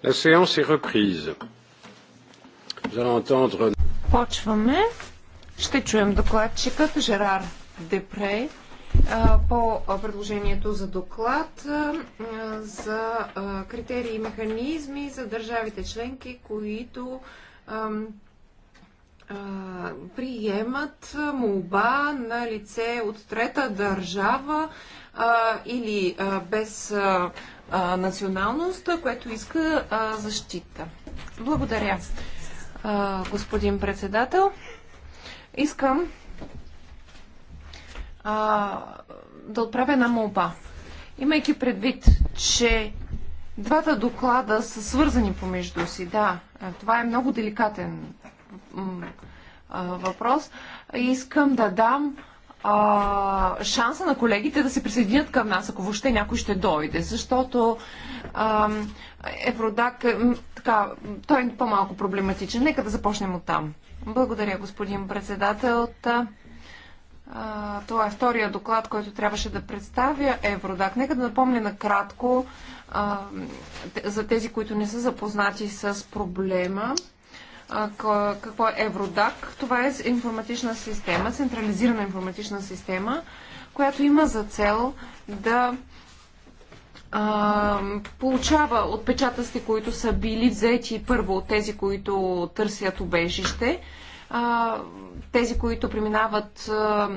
La séance est reprise. Nous allons entendre... Почваме. Ще чуем докладчикът Жерар Депре по предложението за доклад за критерии и механизми за държавите членки, които приемат молба на лице от трета държава или без а, националност, което иска а, защита. Благодаря, а, господин председател. Искам а, да отправя една молба. Имайки предвид, че двата доклада са свързани помежду си, да, това е много деликатен въпрос, искам да дам а, шанса на колегите да се присъединят към нас, ако въобще някой ще дойде, защото а, Евродак, така, той е по-малко проблематичен. Нека да започнем от там. Благодаря, господин председател. Това е втория доклад, който трябваше да представя Евродак. Нека да напомня накратко а, за тези, които не са запознати с проблема какво е Евродак. Това е информатична система, централизирана информатична система, която има за цел да а, получава отпечатъците, които са били взети първо от тези, които търсят убежище, а, тези, които преминават а,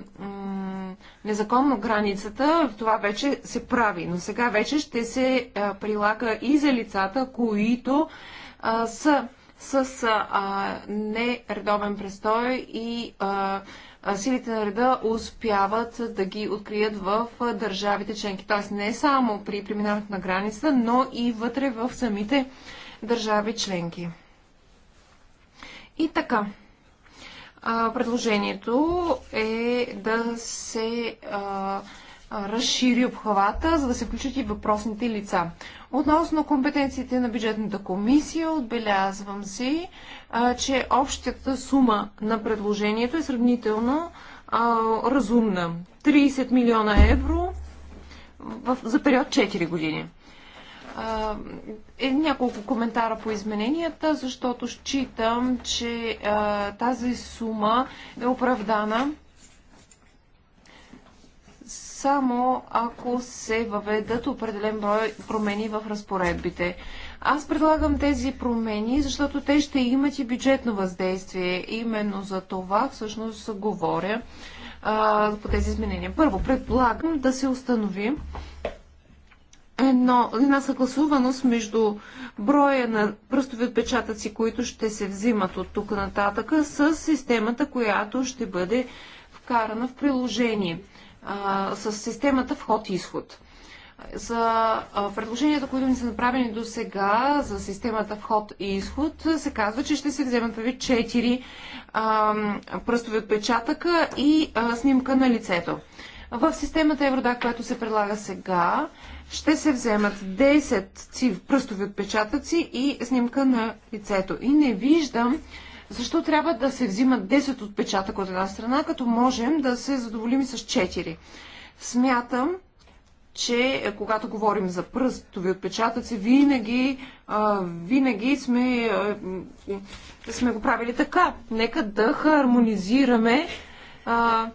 незаконно границата, това вече се прави. Но сега вече ще се а, прилага и за лицата, които а, са с а, нередовен престой и а, силите на реда успяват да ги открият в държавите членки. Т.е. не само при преминаването на граница, но и вътре в самите държави членки. И така, а, предложението е да се а, разшири обхвата, за да се включат и въпросните лица. Относно компетенциите на бюджетната комисия, отбелязвам си, че общата сума на предложението е сравнително разумна. 30 милиона евро за период 4 години. е, няколко коментара по измененията, защото считам, че тази сума е оправдана само ако се въведат определен брой промени в разпоредбите. Аз предлагам тези промени, защото те ще имат и бюджетно въздействие. Именно за това всъщност говоря а, по тези изменения. Първо, предполагам, да се установи едно, една съгласуваност между броя на пръстови отпечатъци, които ще се взимат от тук нататъка, с системата, която ще бъде вкарана в приложение а, с системата вход-изход. За предложенията, които ни са направени до сега за системата вход и изход, се казва, че ще се вземат преди 4 а, пръстови отпечатъка и а, снимка на лицето. В системата Евродак, която се предлага сега, ще се вземат 10 цив пръстови отпечатъци и снимка на лицето. И не виждам защо трябва да се взимат 10 отпечатък от една страна, като можем да се задоволим с 4? Смятам, че е, когато говорим за пръстови отпечатъци, винаги, а, винаги сме, а, сме го правили така. Нека да хармонизираме а,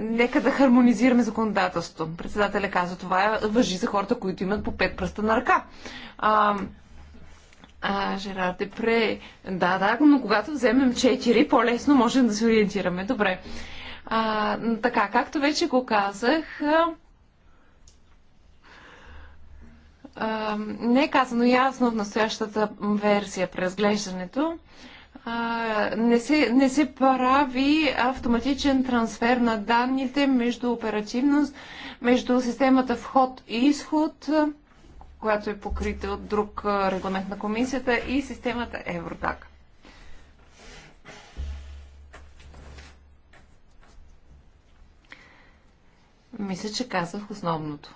нека да хармонизираме законодателството. Председателя каза, това е въжи за хората, които имат по 5 пръста на ръка. А, а, Жерар Депре. Да, да, но когато вземем 4, по-лесно можем да се ориентираме. Добре. А, така, както вече го казах, а, не е казано ясно в настоящата версия разглеждането, А, не, се, не се прави автоматичен трансфер на данните между оперативност, между системата вход и изход. А, която е покрита от друг регламент на комисията и системата Евротак. Мисля, че казах основното.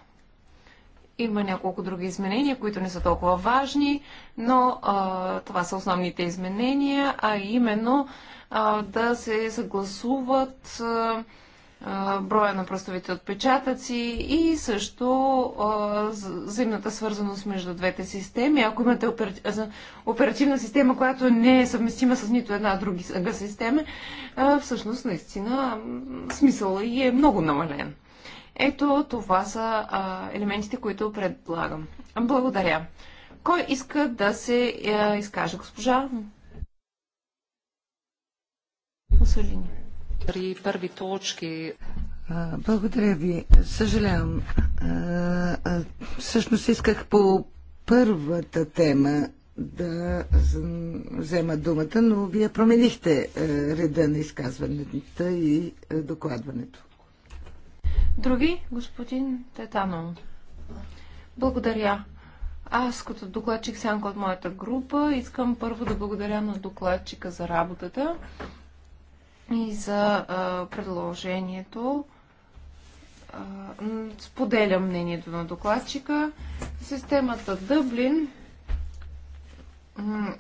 Има няколко други изменения, които не са толкова важни, но а, това са основните изменения, а именно а, да се съгласуват а, броя на пръстовите отпечатъци и също взаимната свързаност между двете системи. Ако имате оперативна система, която не е съвместима с нито една друга система, всъщност наистина смисъл и е много намален. Ето това са елементите, които предлагам. Благодаря. Кой иска да се изкаже, госпожа? Мусолини. При първи точки. Благодаря ви. Съжалявам. Всъщност исках по първата тема да взема думата, но вие променихте реда на изказването и докладването. Други, господин Тетано. Благодаря. Аз като докладчик сянка от моята група искам първо да благодаря на докладчика за работата и за а, предложението. А, споделям мнението на докладчика. Системата Дъблин,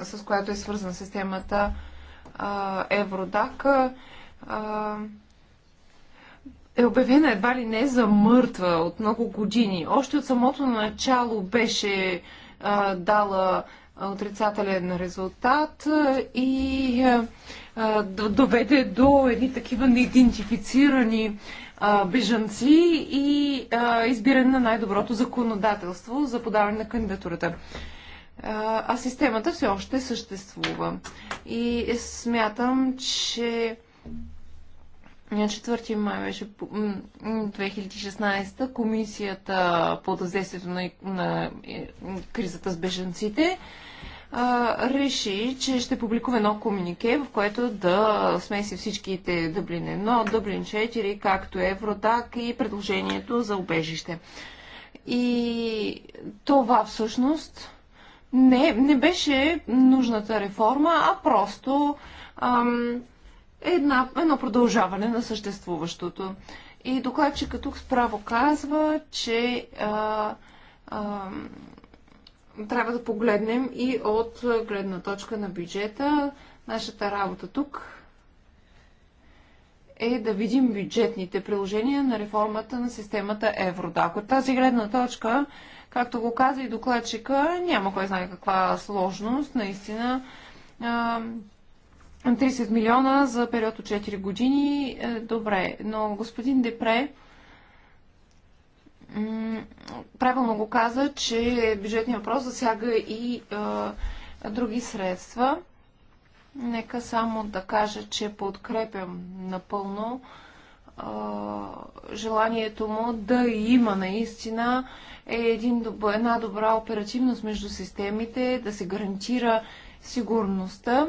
с която е свързана системата а, Евродак, а, е обявена едва ли не за мъртва от много години. Още от самото начало беше а, дала отрицателен резултат и е, е, доведе до едни такива неидентифицирани е, бежанци и избиране на най-доброто законодателство за подаване на кандидатурата. А системата все още съществува. И смятам, че 4 май беше 2016 комисията по въздействието на, на е, кризата с беженците а, реши, че ще публикува едно комунике, в което да смеси всичките Дъблин 1, Дъблин 4, както Евродак и предложението за убежище. И това всъщност не, не беше нужната реформа, а просто ам, е една, едно продължаване на съществуващото. И докладчика тук справо казва, че а, а, трябва да погледнем и от гледна точка на бюджета. Нашата работа тук е да видим бюджетните приложения на реформата на системата Евродак. От тази гледна точка, както го каза и докладчика, няма кой знае каква сложност. Наистина а, 30 милиона за период от 4 години. Е, добре, но господин Депре правилно го каза, че бюджетният въпрос засяга и е, други средства. Нека само да кажа, че подкрепям напълно е, желанието му да има наистина един, една добра оперативност между системите, да се гарантира сигурността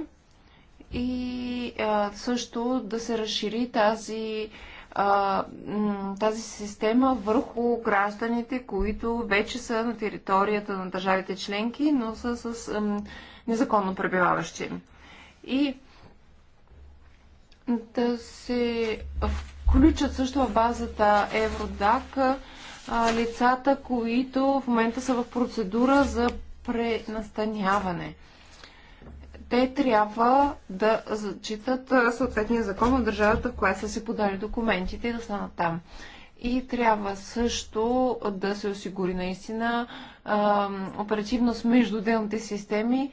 и а, също да се разшири тази, а, тази система върху гражданите, които вече са на територията на държавите членки, но са с а, незаконно пребиваващи. И да се включат също в базата Евродак лицата, които в момента са в процедура за пренастаняване те трябва да зачитат съответния закон на държавата, в която са си подали документите и да станат там. И трябва също да се осигури наистина а, оперативност между отделните системи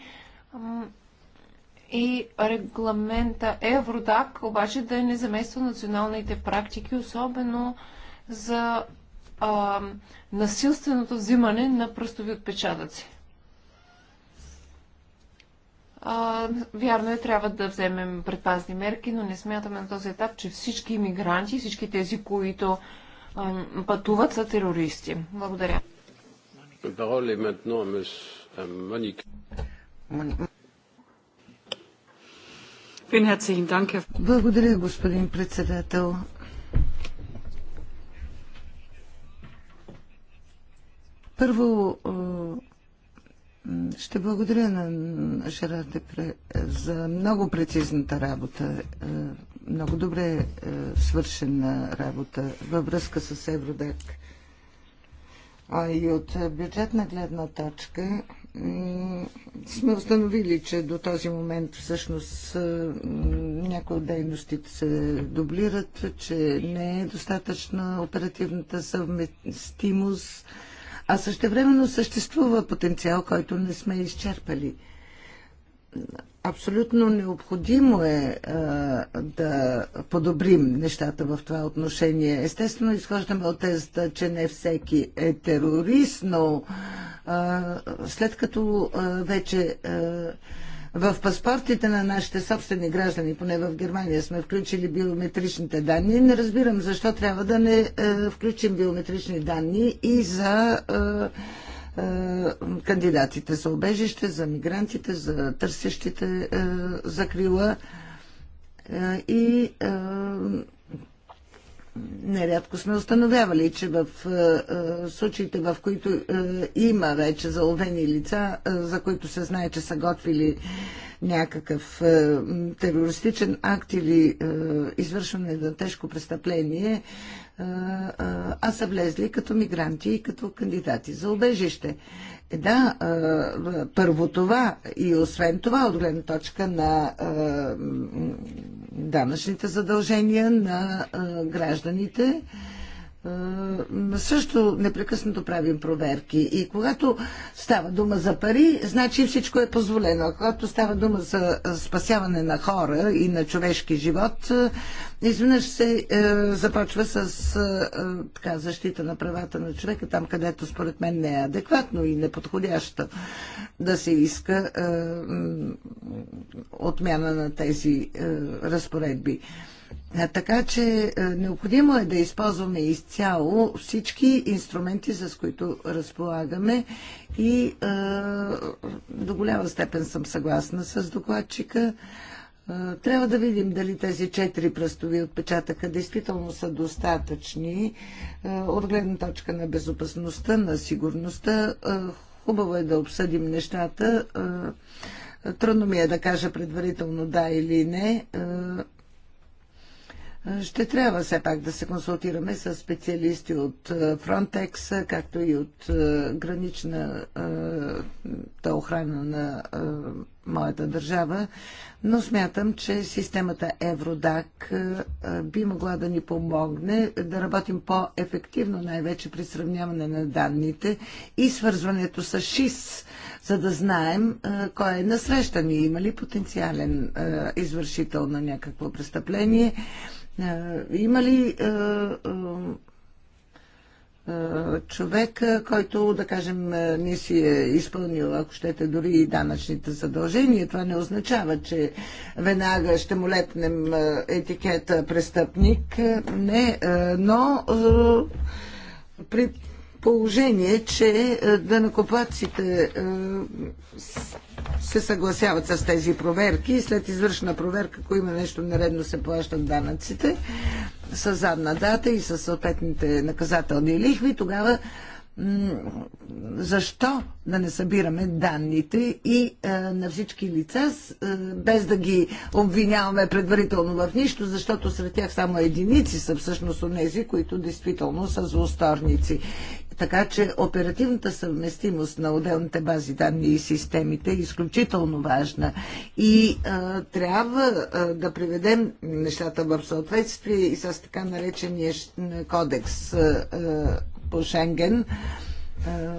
и регламента Евродак, обаче да не замества националните практики, особено за а, насилственото взимане на пръстови отпечатъци. А, вярно е, трябва да вземем предпазни мерки, но не смятаме на този етап, че всички иммигранти, всички тези, които а, пътуват, са терористи. Благодаря. Благодаря, господин председател. Първо, ще благодаря на Жерар Депре за много прецизната работа, е, много добре е, свършена работа във връзка с Евродак. А и от бюджетна гледна точка сме установили, че до този момент всъщност е, някои от дейностите се дублират, че не е достатъчна оперативната съвместимост а същевременно съществува потенциал, който не сме изчерпали. Абсолютно необходимо е а, е, да подобрим нещата в това отношение. Естествено, изхождаме от тезата, че не всеки е терорист, но а, е, след като а, е, вече. А, в паспортите на нашите собствени граждани, поне в Германия сме включили биометричните данни. Не разбирам защо трябва да не е, включим биометрични данни и за е, е, кандидатите за обежище, за мигрантите, за търсещите закрила и нерядко сме установявали, че в е, е, случаите, в които е, има вече заловени лица, за които се знае, че са готвили някакъв терористичен акт или извършване на тежко престъпление, а са влезли като мигранти и като кандидати за убежище. Да, първо това и освен това, от гледна точка на данъчните задължения на гражданите, също непрекъснато правим проверки. И когато става дума за пари, значи всичко е позволено. А когато става дума за спасяване на хора и на човешки живот, изведнъж се е, започва с така, защита на правата на човека, там където според мен не е адекватно и неподходящо да се иска е, отмяна на тези е, разпоредби. Така че необходимо е да използваме изцяло всички инструменти, с които разполагаме и е, до голяма степен съм съгласна с докладчика. Е, трябва да видим дали тези четири пръстови отпечатъка действително са достатъчни е, от гледна точка на безопасността, на сигурността. Хубаво е да обсъдим нещата. Трудно ми е да кажа предварително да или не. Ще трябва все пак да се консултираме с специалисти от е, Frontex, както и от е, граничната е, охрана на моята държава, но смятам, че системата Евродак би могла да ни помогне да работим по-ефективно, най-вече при сравняване на данните и свързването с ШИС, за да знаем кой е насрещан и има ли потенциален извършител на някакво престъпление е, има ли е, е, човек, който, да кажем, не си е изпълнил, ако щете, дори и данъчните задължения. Това не означава, че веднага ще му лепнем етикета престъпник. Не, но при положение, че е, дънакоплаците е, се съгласяват с тези проверки и след извършена проверка, ако има нещо наредно, се плащат данъците с задна дата и с съответните наказателни лихви, тогава защо да не събираме данните и а, е, на всички лица, а, без да ги обвиняваме предварително в нищо, защото сред тях само единици са всъщност тези, които действително са злосторници. Така че оперативната съвместимост на отделните бази данни и системите е изключително важна. И а, трябва а, да приведем нещата в съответствие и с така наречения кодекс а, а, по Шенген. А,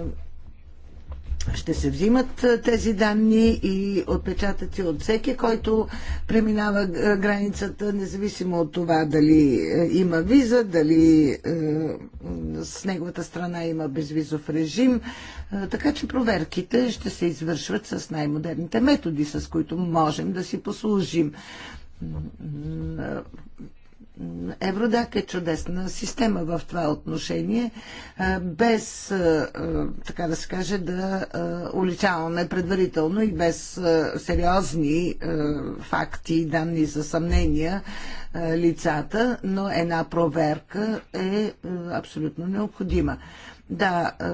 ще се взимат тези данни и отпечатъци от всеки, който преминава границата, независимо от това дали има виза, дали с неговата страна има безвизов режим. Така че проверките ще се извършват с най-модерните методи, с които можем да си послужим Евродак е чудесна система в това отношение, без, така да се каже, да уличаваме предварително и без сериозни факти и данни за съмнения лицата, но една проверка е абсолютно необходима. Да, е,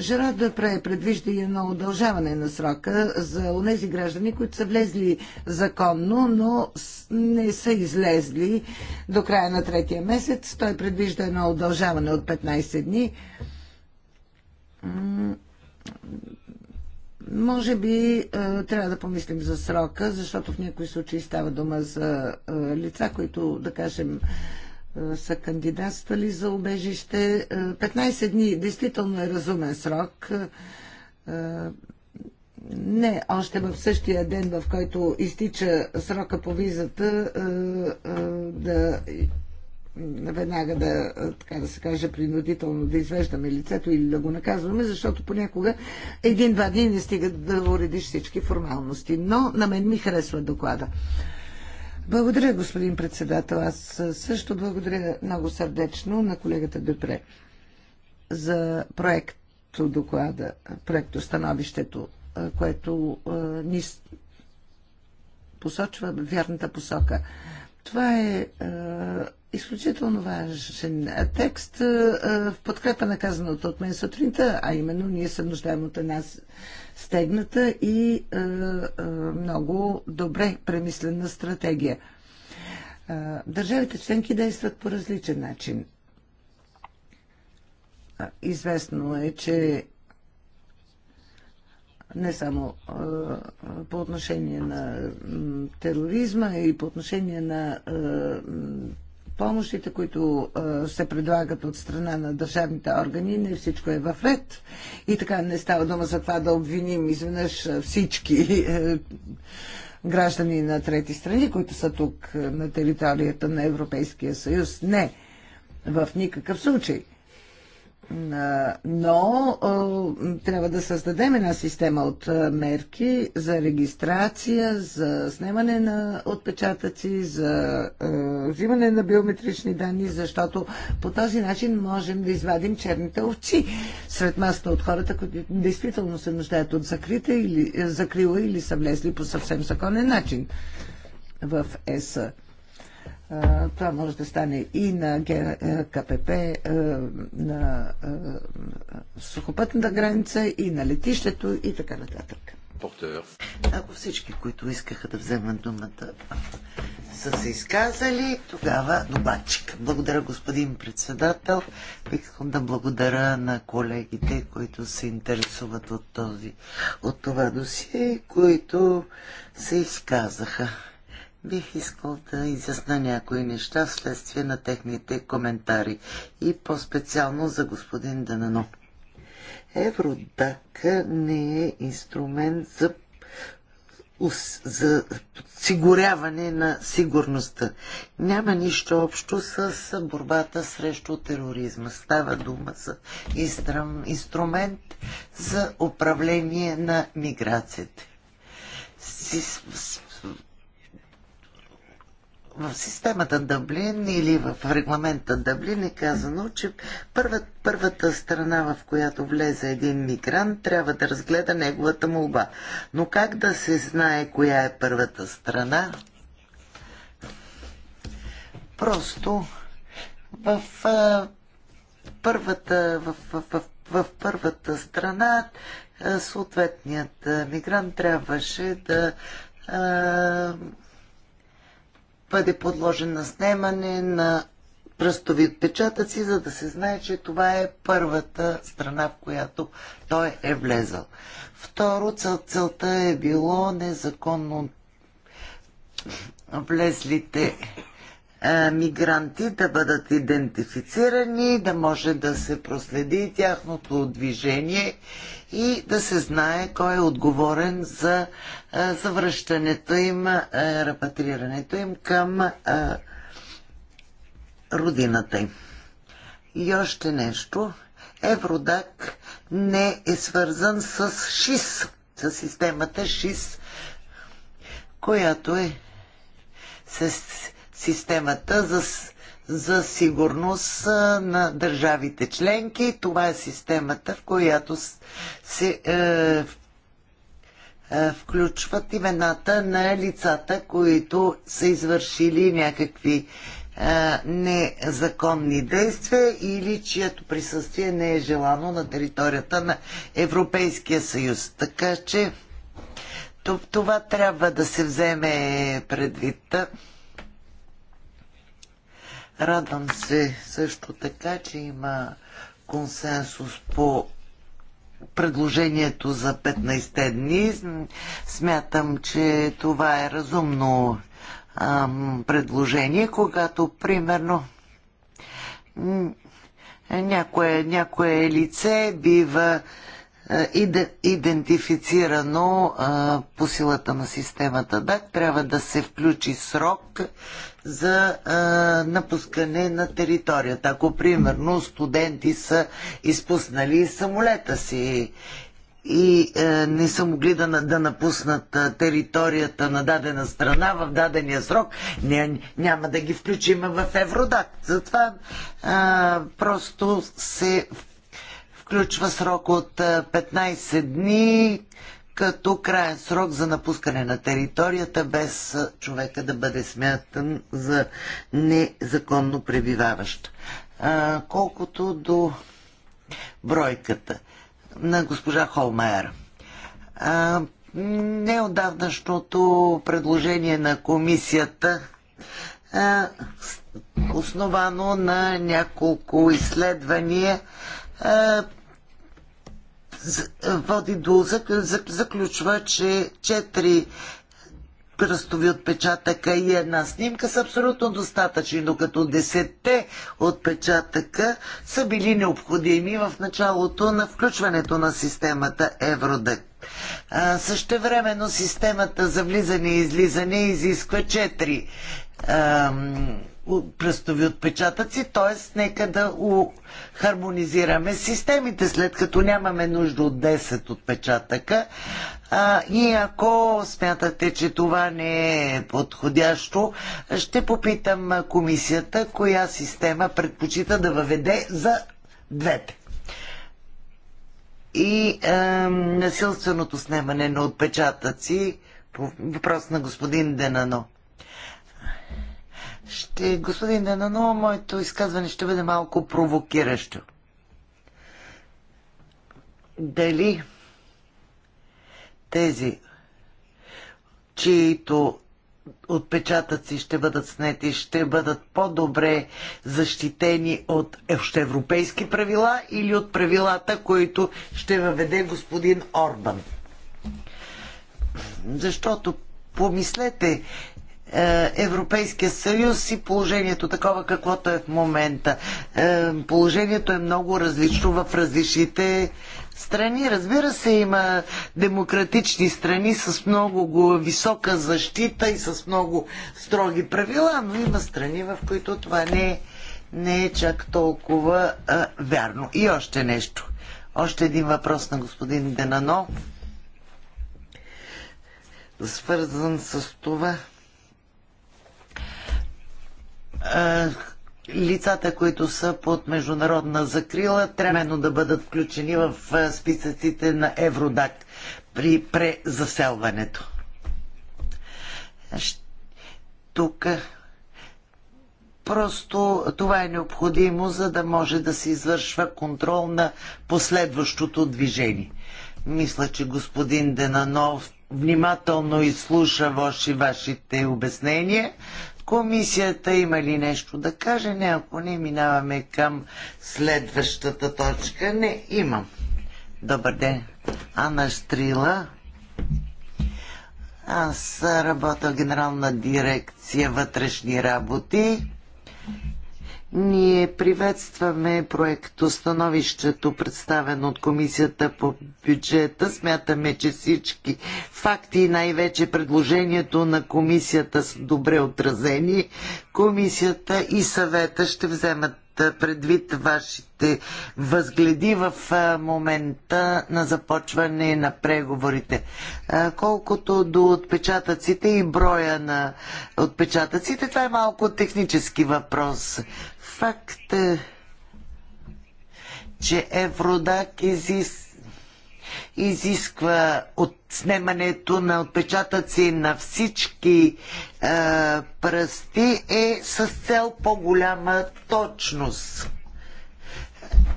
Жерар Депре предвижда и едно удължаване на срока за онези граждани, които са влезли законно, но не са излезли до края на третия месец. Той предвижда едно удължаване от 15 дни. Може би е, трябва да помислим за срока, защото в някои случаи става дума за е, лица, които, да кажем, е, са кандидатствали за убежище. 15 е, дни действително е разумен срок. Е, не, още в същия ден, в който изтича срока по визата, да веднага да, така да се каже, принудително да извеждаме лицето или да го наказваме, защото понякога един-два дни не стига да уредиш всички формалности. Но на мен ми харесва доклада. Благодаря, господин председател. Аз също благодаря много сърдечно на колегата Депре за проекто доклада, проекто становището, което ни посочва вярната посока. Това е, е изключително важен текст в подкрепа на казаното от мен сутринта, а именно ние се нуждаем от една стегната и много добре премислена стратегия. Държавите членки действат по различен начин. Известно е, че не само по отношение на тероризма и по отношение на помощите, които се предлагат от страна на държавните органи, не всичко е в ред. И така не става дума за това да обвиним изведнъж всички е, граждани на трети страни, които са тук на територията на Европейския съюз. Не, в никакъв случай но трябва да създадем една система от мерки за регистрация, за снимане на отпечатъци, за взимане на биометрични данни, защото по този начин можем да извадим черните овци сред масата от хората, които действително се нуждаят от закрита или, закрила или са влезли по съвсем законен начин в ЕСА. Това може да стане и на е, КПП, е, на е, сухопътната граница, и на летището, и така нататък. Ако всички, които искаха да вземат думата, са се изказали, тогава добачик. Благодаря, господин председател. искам да благодаря на колегите, които се интересуват от, този, от това досие, които се изказаха. Бих искал да изясна някои неща вследствие на техните коментари и по-специално за господин Данано. Евродак не е инструмент за за подсигуряване на сигурността. Няма нищо общо с борбата срещу тероризма. Става дума за инструмент за управление на миграцията в системата Дъблин или в регламента Дъблин е казано, че първата, първата страна, в която влезе един мигрант, трябва да разгледа неговата молба. Но как да се знае коя е първата страна? Просто в в, първата, в, в, в, в първата страна съответният мигрант трябваше да а, бъде подложен на снимане на пръстови отпечатъци, за да се знае, че това е първата страна, в която той е влезал. Второ, цел, целта е било незаконно влезлите мигранти да бъдат идентифицирани, да може да се проследи тяхното движение и да се знае кой е отговорен за завръщането им, репатрирането им към родината им. И още нещо. Евродак не е свързан с ШИС, с системата ШИС, която е се системата за, за сигурност на държавите членки. Това е системата, в която се е, е, включват имената на лицата, които са извършили някакви е, незаконни действия или чието присъствие не е желано на територията на Европейския съюз. Така че това трябва да се вземе предвид. Радвам се също така, че има консенсус по предложението за 15 те дни. Смятам, че това е разумно ам, предложение, когато примерно някое, някое лице бива идентифицирано а, по силата на системата ДАК. Трябва да се включи срок за а, напускане на територията. Ако, примерно, студенти са изпуснали самолета си и а, е, не са могли да, да напуснат територията на дадена страна в дадения срок, ня, няма да ги включим в Евродак. Затова а, просто се включва срок от 15 дни, като краен срок за напускане на територията, без човека да бъде смятан за незаконно пребиваващ. колкото до бройката на госпожа Холмайер. Не неодавнашното предложение на комисията основано на няколко изследвания води до заключва, че четири пръстови отпечатъка и една снимка са абсолютно достатъчни, докато десетте отпечатъка са били необходими в началото на включването на системата Евродък. Същевременно системата за влизане и излизане изисква 4 пръстови отпечатъци, т.е. нека да хармонизираме системите, след като нямаме нужда от 10 отпечатъка. А, и ако смятате, че това не е подходящо, ще попитам комисията, коя система предпочита да въведе за двете. И е, насилственото снимане на отпечатъци, въпрос на господин Денано. Ще, господин Денано, моето изказване ще бъде малко провокиращо. Дали тези, чието отпечатъци ще бъдат снети, ще бъдат по-добре защитени от европейски правила или от правилата, които ще въведе господин Орбан. Защото помислете, е, Европейския съюз и положението такова каквото е в момента. Е, положението е много различно в различните страни. Разбира се, има демократични страни с много висока защита и с много строги правила, но има страни, в които това не е, не е чак толкова а, е, вярно. И още нещо. Още един въпрос на господин Денано, свързан с това, е, лицата, които са под международна закрила, тременно да бъдат включени в е, списъците на Евродак при презаселването. Тук е, просто това е необходимо, за да може да се извършва контрол на последващото движение. Мисля, че господин Денанов внимателно изслуша ваши, вашите обяснения, Комисията има ли нещо да каже? Не, ако не, минаваме към следващата точка. Не, имам. Добър ден. Ана Штрила. Аз работя в Генерална дирекция вътрешни работи ние приветстваме проектостановището, представено от Комисията по бюджета. Смятаме, че всички факти и най-вече предложението на Комисията са добре отразени. Комисията и съвета ще вземат предвид вашите възгледи в момента на започване на преговорите. Колкото до отпечатъците и броя на отпечатъците, това е малко технически въпрос факт, е, че Евродак изис... изисква от на отпечатъци на всички е, пръсти е с цел по-голяма точност.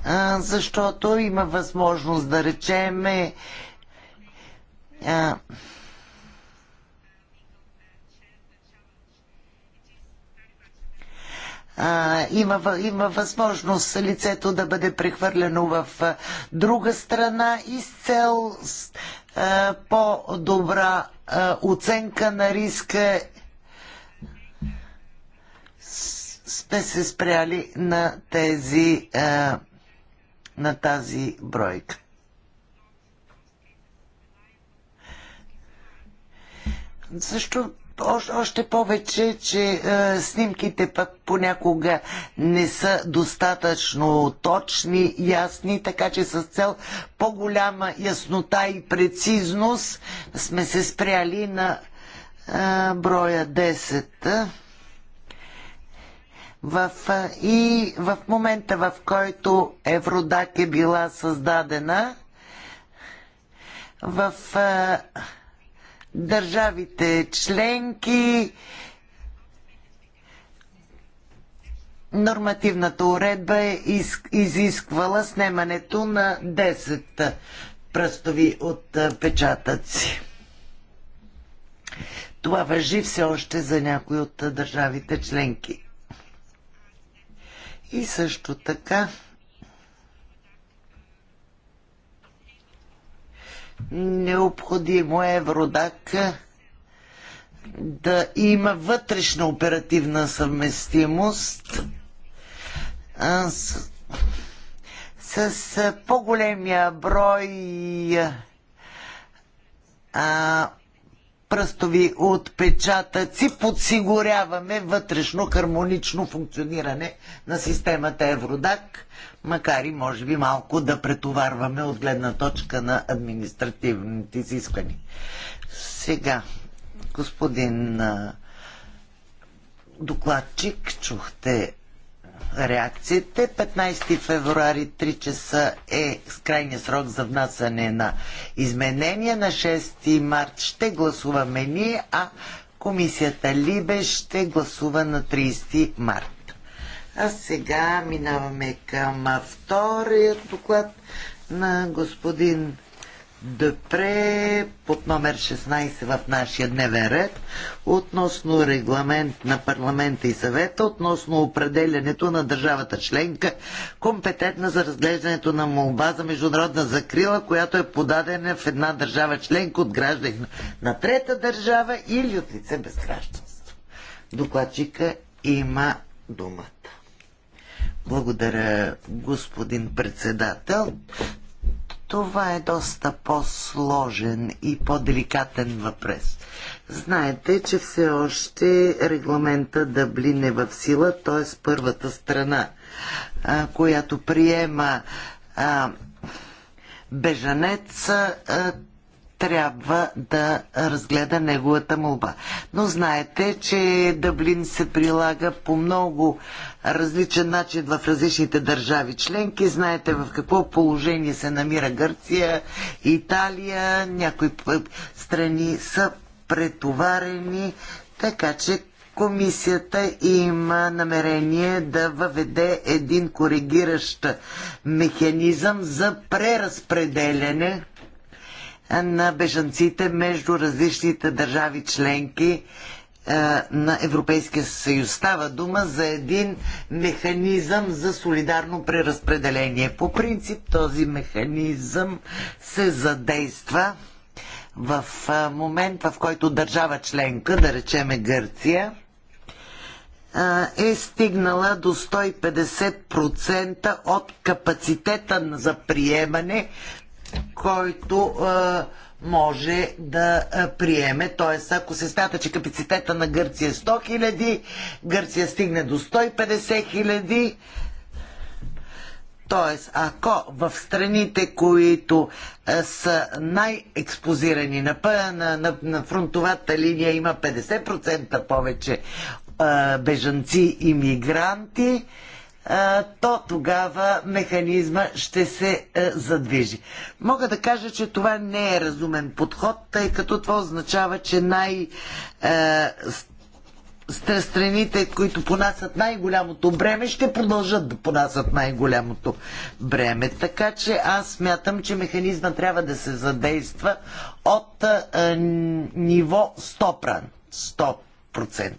А, е, защото има възможност да речеме е, а, има, има възможност лицето да бъде прехвърлено в друга страна и с цел по-добра оценка на риска сме се спряли на тези а, на тази бройка. Също още повече, че е, снимките пък понякога не са достатъчно точни, ясни, така че с цел по-голяма яснота и прецизност сме се спряли на е, броя 10. В, е, и в момента, в който Евродак е била създадена, в е, държавите членки, нормативната уредба е изисквала снимането на 10 пръстови отпечатъци. Това въжи все още за някои от държавите членки. И също така Необходимо е Евродак да има вътрешна оперативна съвместимост с, с по-големия брой а, пръстови отпечатъци подсигуряваме вътрешно хармонично функциониране на системата Евродак, макар и може би малко да претоварваме от гледна точка на административните изисквания. Сега, господин докладчик, чухте реакциите. 15 февруари 3 часа е крайния срок за внасяне на изменения. На 6 март ще гласуваме ние, а комисията Либе ще гласува на 30 март. А сега минаваме към вторият доклад на господин Депре под номер 16 в нашия дневен ред относно регламент на парламента и съвета относно определянето на държавата членка, компетентна за разглеждането на молба за международна закрила, която е подадена в една държава членка от граждани на трета държава или от лице без гражданство. Докладчика има думата. Благодаря, господин председател. Това е доста по-сложен и по-деликатен въпрос. Знаете, че все още регламента Дъблин е в сила, т.е. първата страна, която приема бежанец, трябва да разгледа неговата молба. Но знаете, че Дъблин се прилага по много различен начин в различните държави членки. Знаете в какво положение се намира Гърция, Италия, някои страни са претоварени, така че комисията има намерение да въведе един коригиращ механизъм за преразпределяне на бежанците между различните държави членки е, на Европейския съюз. Става дума за един механизъм за солидарно преразпределение. По принцип този механизъм се задейства в е, момент, в който държава членка, да речеме Гърция, е, е стигнала до 150% от капацитета за приемане който а, може да а, приеме. Т.е. ако се смята, че капацитета на Гърция е 100 хиляди, Гърция стигне до 150 хиляди. Т.е. ако в страните, които а, са най-експозирани на, на, на, на фронтовата линия, има 50% повече бежанци и мигранти, то тогава механизма ще се задвижи. Мога да кажа, че това не е разумен подход, тъй като това означава, че най- страните, които понасят най-голямото бреме, ще продължат да понасят най-голямото бреме. Така че аз смятам, че механизма трябва да се задейства от а, ниво 100%. 100%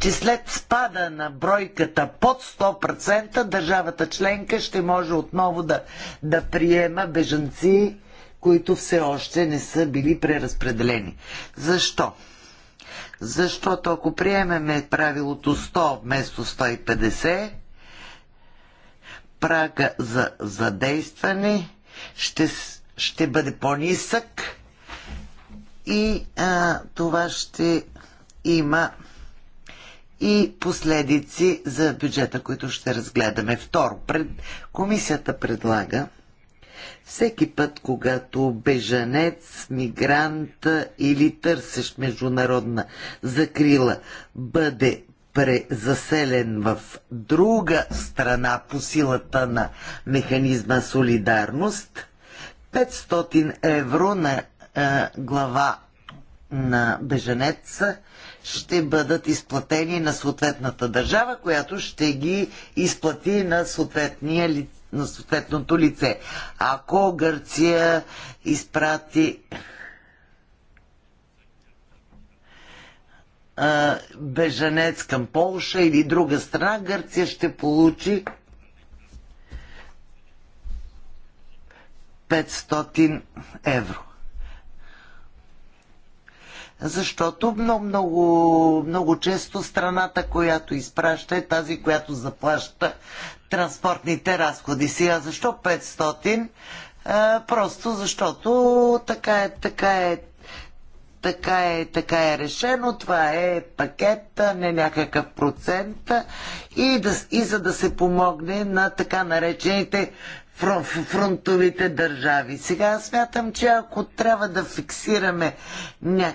че след спада на бройката под 100%, държавата членка ще може отново да, да приема бежанци, които все още не са били преразпределени. Защо? Защото ако приемеме правилото 100 вместо 150, прага за задействане ще, ще бъде по-нисък и а, това ще има и последици за бюджета, които ще разгледаме. Второ, пред... комисията предлага всеки път, когато бежанец, мигрант или търсещ международна закрила бъде презаселен в друга страна по силата на механизма солидарност, 500 евро на а, глава на беженеца ще бъдат изплатени на съответната държава, която ще ги изплати на съответния лице на съответното лице. Ако Гърция изпрати а, към Полша или друга страна, Гърция ще получи 500 евро защото много, много, много често страната, която изпраща е тази, която заплаща транспортните разходи. Сега защо 500? А, просто защото така е, така е, така е, така е решено, това е пакет, не някакъв процент и, да, и за да се помогне на така наречените фронтовите държави. Сега смятам, че ако трябва да фиксираме ня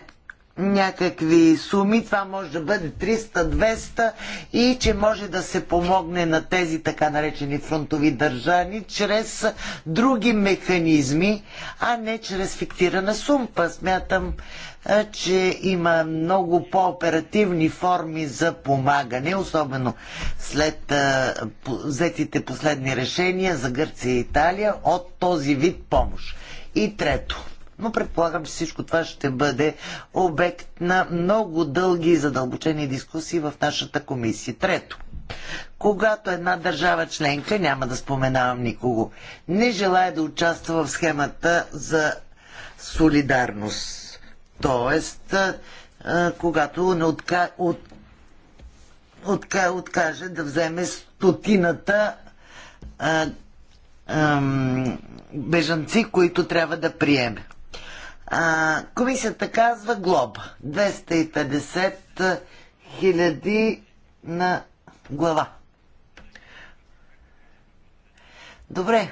някакви суми, това може да бъде 300-200 и че може да се помогне на тези така наречени фронтови държани чрез други механизми, а не чрез фиктирана сумпа. Смятам, че има много по-оперативни форми за помагане, особено след взетите последни решения за Гърция и Италия от този вид помощ. И трето – но предполагам, че всичко това ще бъде обект на много дълги и задълбочени дискусии в нашата комисия. Трето, когато една държава членка, няма да споменавам никого, не желая да участва в схемата за солидарност. Тоест, когато не отка... от... Отка... откаже да вземе стотината а... ам... бежанци, които трябва да приеме. А, комисията казва глоба. 250 хиляди на глава. Добре.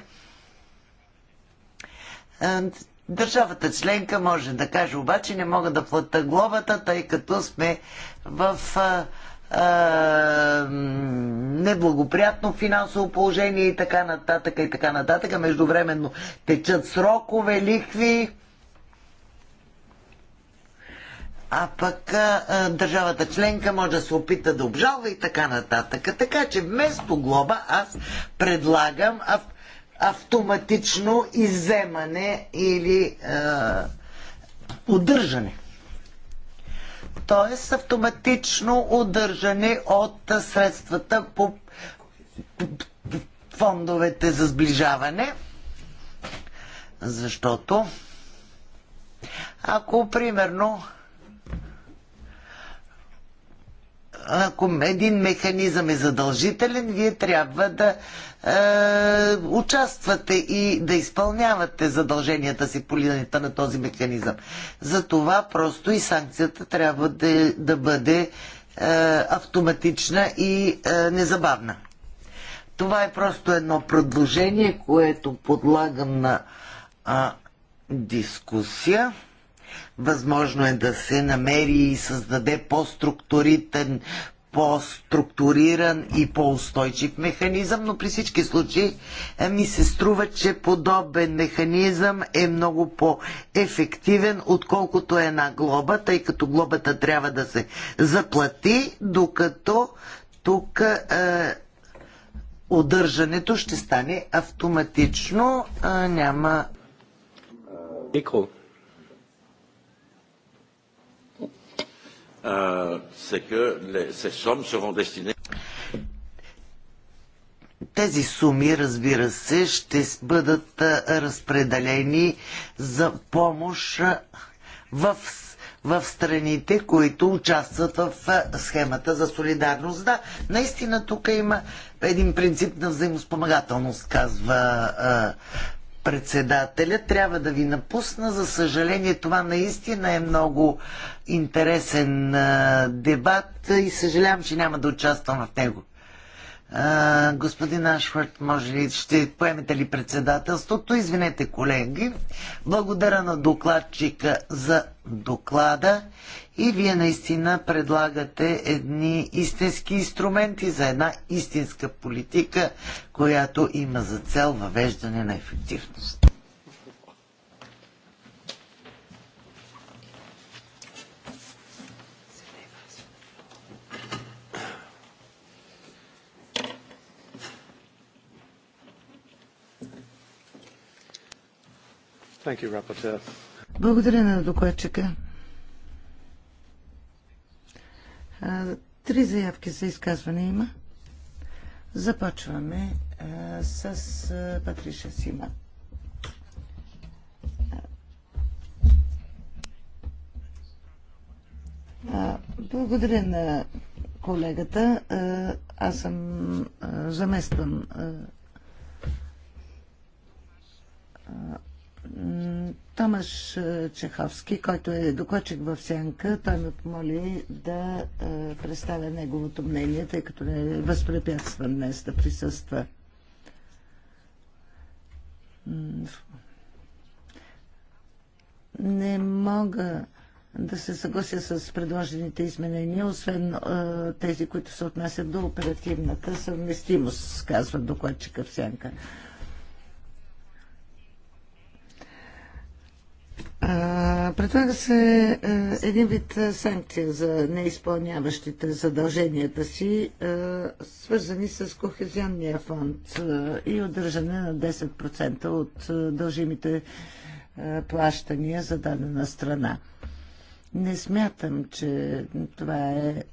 Държавата членка може да каже, обаче не мога да плата глобата, тъй като сме в а, а, неблагоприятно финансово положение и така нататък и така нататък. Междувременно течат срокове, лихви а пък а, държавата членка може да се опита да обжалва и така нататък. Така че вместо глоба аз предлагам ав, автоматично изземане или а, удържане. Тоест автоматично удържане от средствата по, по, по фондовете за сближаване, защото ако примерно ако един механизъм е задължителен, вие трябва да е, участвате и да изпълнявате задълженията си по линията на този механизъм. Затова просто и санкцията трябва да, да бъде е, автоматична и е, незабавна. Това е просто едно предложение, което подлагам на а, дискусия. Възможно е да се намери и създаде по-структуритен, по-структуриран и по-устойчив механизъм, но при всички случаи е, ми се струва, че подобен механизъм е много по-ефективен, отколкото е една глоба, тъй като глобата трябва да се заплати, докато тук е, удържането ще стане автоматично, е, няма. Микро. Euh, Тези суми, разбира се, ще бъдат разпределени за помощ в в страните, които участват в схемата за солидарност. Да, наистина тук има един принцип на взаимоспомагателност, казва а, председателя. Трябва да ви напусна. За съжаление, това наистина е много интересен а, дебат и съжалявам, че няма да участвам в него. А, господин Ашвард, може ли, ще поемете ли председателството? Извинете, колеги. Благодаря на докладчика за доклада и вие наистина предлагате едни истински инструменти за една истинска политика, която има за цел въвеждане на ефективност. Благодаря на докладчика. Три заявки за изказване има. Започваме с Патриша Сима. Благодаря на колегата. Аз съм замествам Томаш е, Чеховски, който е докладчик в Сянка, той ме помоли да е, представя неговото мнение, тъй като не е възпрепятстван днес да присъства. Не мога да се съглася с предложените изменения, освен е, тези, които се отнасят до оперативната съвместимост, казва докладчика в Сянка. Предлага се един вид санкция за неизпълняващите задълженията си, свързани с Кохезионния фонд и удържане на 10% от дължимите плащания за дадена страна. Не смятам, че това е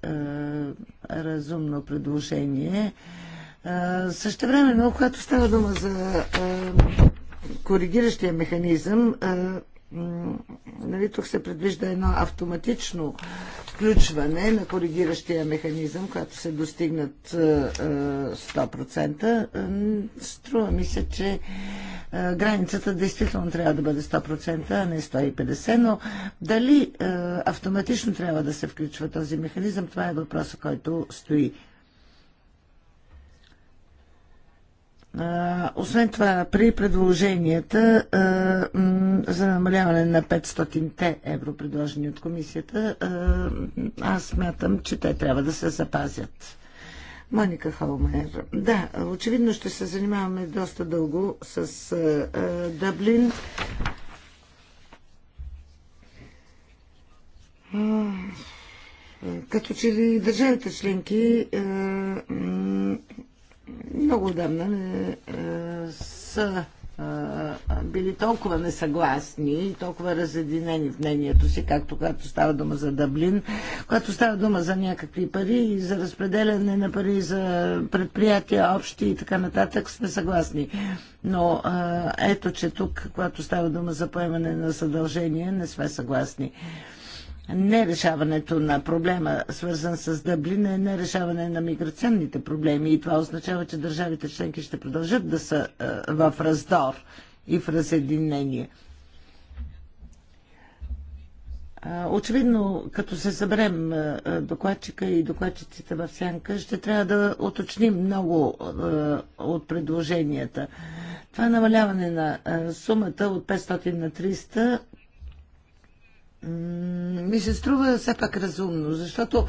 разумно предложение. Също време, но когато става дума за коригиращия механизъм, нали, тук се предвижда едно автоматично включване на коригиращия механизъм, когато се достигнат 100%. Е, е, струва ми се, че е, границата действително трябва да бъде 100%, а не 150%, но дали автоматично трябва да се включва този механизъм, това е въпросът, който стои Освен това, при предложенията за намаляване на 500-те евро, предложени от комисията, аз смятам, че те трябва да се запазят. Моника Холмер. Да, очевидно ще се занимаваме доста дълго с Дъблин. Като че ли държавите членки много отдавна не, е, са е, били толкова несъгласни и толкова разединени в мнението си, както когато става дума за Даблин, когато става дума за някакви пари и за разпределяне на пари за предприятия общи и така нататък, сме съгласни. Но е, ето, че тук, когато става дума за поемане на съдължение, не сме съгласни нерешаването на проблема, свързан с Дъблин, е нерешаване на миграционните проблеми. И това означава, че държавите членки ще продължат да са е, в раздор и в разединение. Очевидно, като се съберем е, е, докладчика и докладчиците в сянка, ще трябва да уточним много от предложенията. Това намаляване на сумата от 500 на 300 ми се струва все пак разумно, защото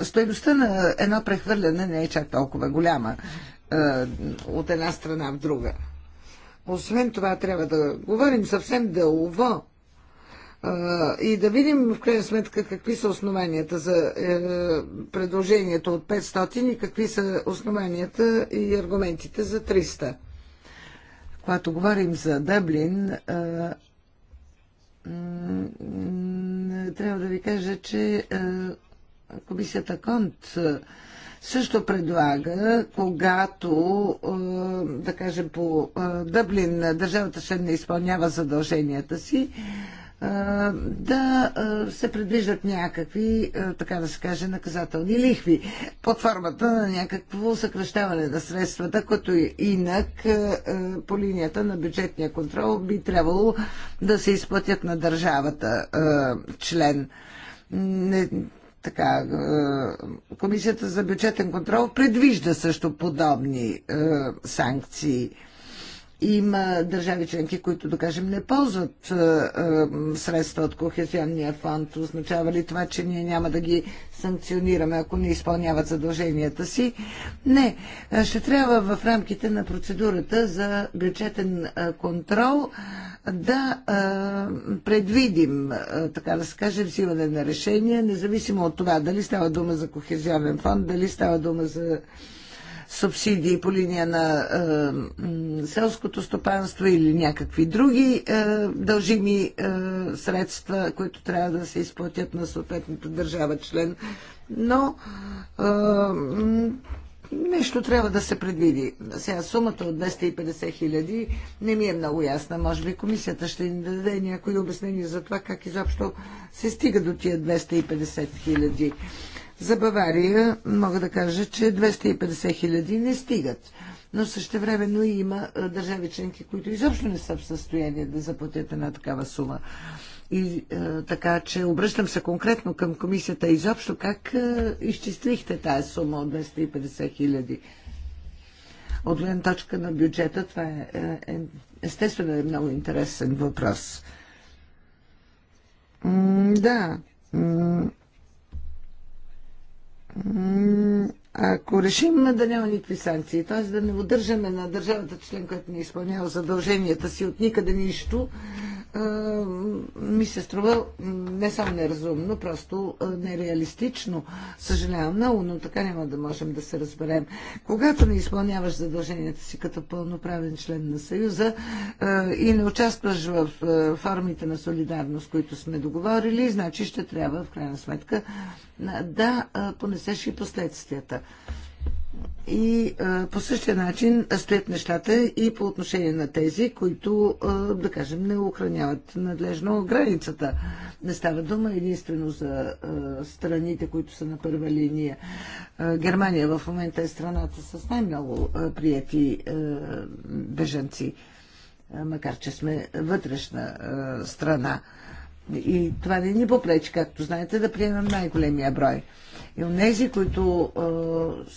е, стоеността на едно прехвърляне не е чак толкова голяма е, от една страна в друга. Освен това, трябва да говорим съвсем дълго е, и да видим в крайна сметка какви са основанията за е, предложението от 500 и какви са основанията и аргументите за 300. Когато говорим за Дъблин, е, трябва да ви кажа, че е, комисията Конт е, също предлага, когато, е, да кажем, по Дъблин държавата ще не изпълнява задълженията си, да се предвиждат някакви, така да се каже, наказателни лихви под формата на някакво съкръщаване на средствата, като инак по линията на бюджетния контрол би трябвало да се изплатят на държавата член. Не, така, Комисията за бюджетен контрол предвижда също подобни санкции има държави членки, които, да кажем, не ползват е, е, средства от Кохезионния фонд. Означава ли това, че ние няма да ги санкционираме, ако не изпълняват задълженията си? Не. Е, ще трябва в рамките на процедурата за бюджетен контрол да предвидим, така да се каже, взимане на решения, независимо от това дали става дума за Кохезионен фонд, дали става дума за субсидии по линия на е, селското стопанство или някакви други е, дължими е, средства, които трябва да се изплатят на съответната държава член. Но е, нещо трябва да се предвиди. Сега сумата от 250 хиляди не ми е много ясна. Може би комисията ще ни даде някои обяснения за това как изобщо се стига до тия 250 хиляди. За Бавария мога да кажа, че 250 хиляди не стигат. Но също има държави членки, които изобщо не са в състояние да заплатят една такава сума. И е, така, че обръщам се конкретно към комисията изобщо. Как е, изчислихте тази сума от 250 хиляди? От гледна точка на бюджета, това е, е, е естествено е много интересен въпрос. М да ако решим да няма никакви санкции, т.е. да не удържаме на държавата член, която не изпълнява задълженията си от никъде нищо, ми се струва не само неразумно, просто нереалистично. Съжалявам много, но така няма да можем да се разберем. Когато не изпълняваш задълженията си като пълноправен член на Съюза и не участваш в формите на солидарност, които сме договорили, значи ще трябва в крайна сметка да понесеш и последствията. И а, по същия начин стоят нещата и по отношение на тези, които, а, да кажем, не охраняват надлежно границата. Не става дума единствено за а, страните, които са на първа линия. А, Германия в момента е страната с най-много прияти а, бежанци, а, макар че сме вътрешна а, страна. И това не ни попречи, както знаете, да приемем най-големия брой. И от тези, които а,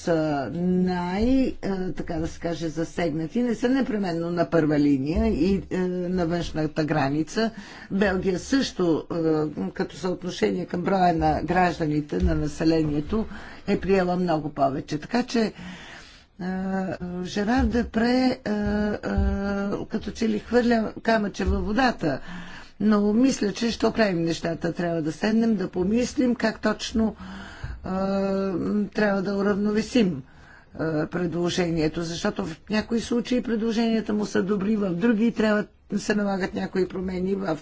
са най, е, така да се каже, засегнати, не са непременно на първа линия и е, на външната граница. Белгия също, е, като съотношение към броя на гражданите, на населението, е приела много повече. Така че Жерар Депре като че ли хвърля камъче във водата. Но мисля, че ще оправим нещата. Трябва да седнем, да помислим как точно трябва да уравновесим предложението, защото в някои случаи предложенията му са добри, в други трябва да се налагат някои промени, в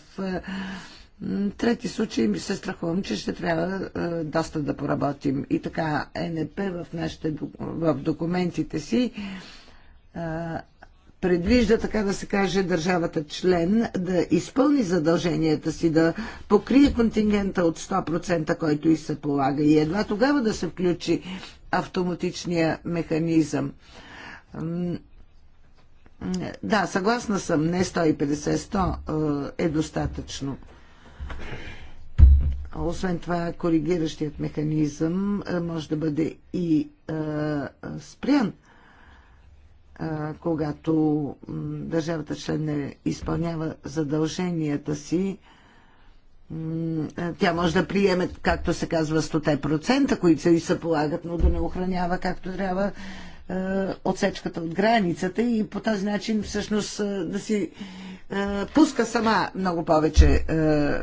трети случаи ми се страхувам, че ще трябва доста да поработим. И така, НП в, нашите, в документите си предвижда, така да се каже, държавата член да изпълни задълженията си, да покрие контингента от 100%, който и се полага. И едва тогава да се включи автоматичния механизъм. Да, съгласна съм, не 150, 100 е, е достатъчно. Освен това, коригиращият механизъм е, може да бъде и е, спрян когато държавата член не изпълнява задълженията си, тя може да приеме, както се казва, 100%, които се и се полагат, но да не охранява както трябва отсечката от границата и по този начин всъщност да си пуска сама много повече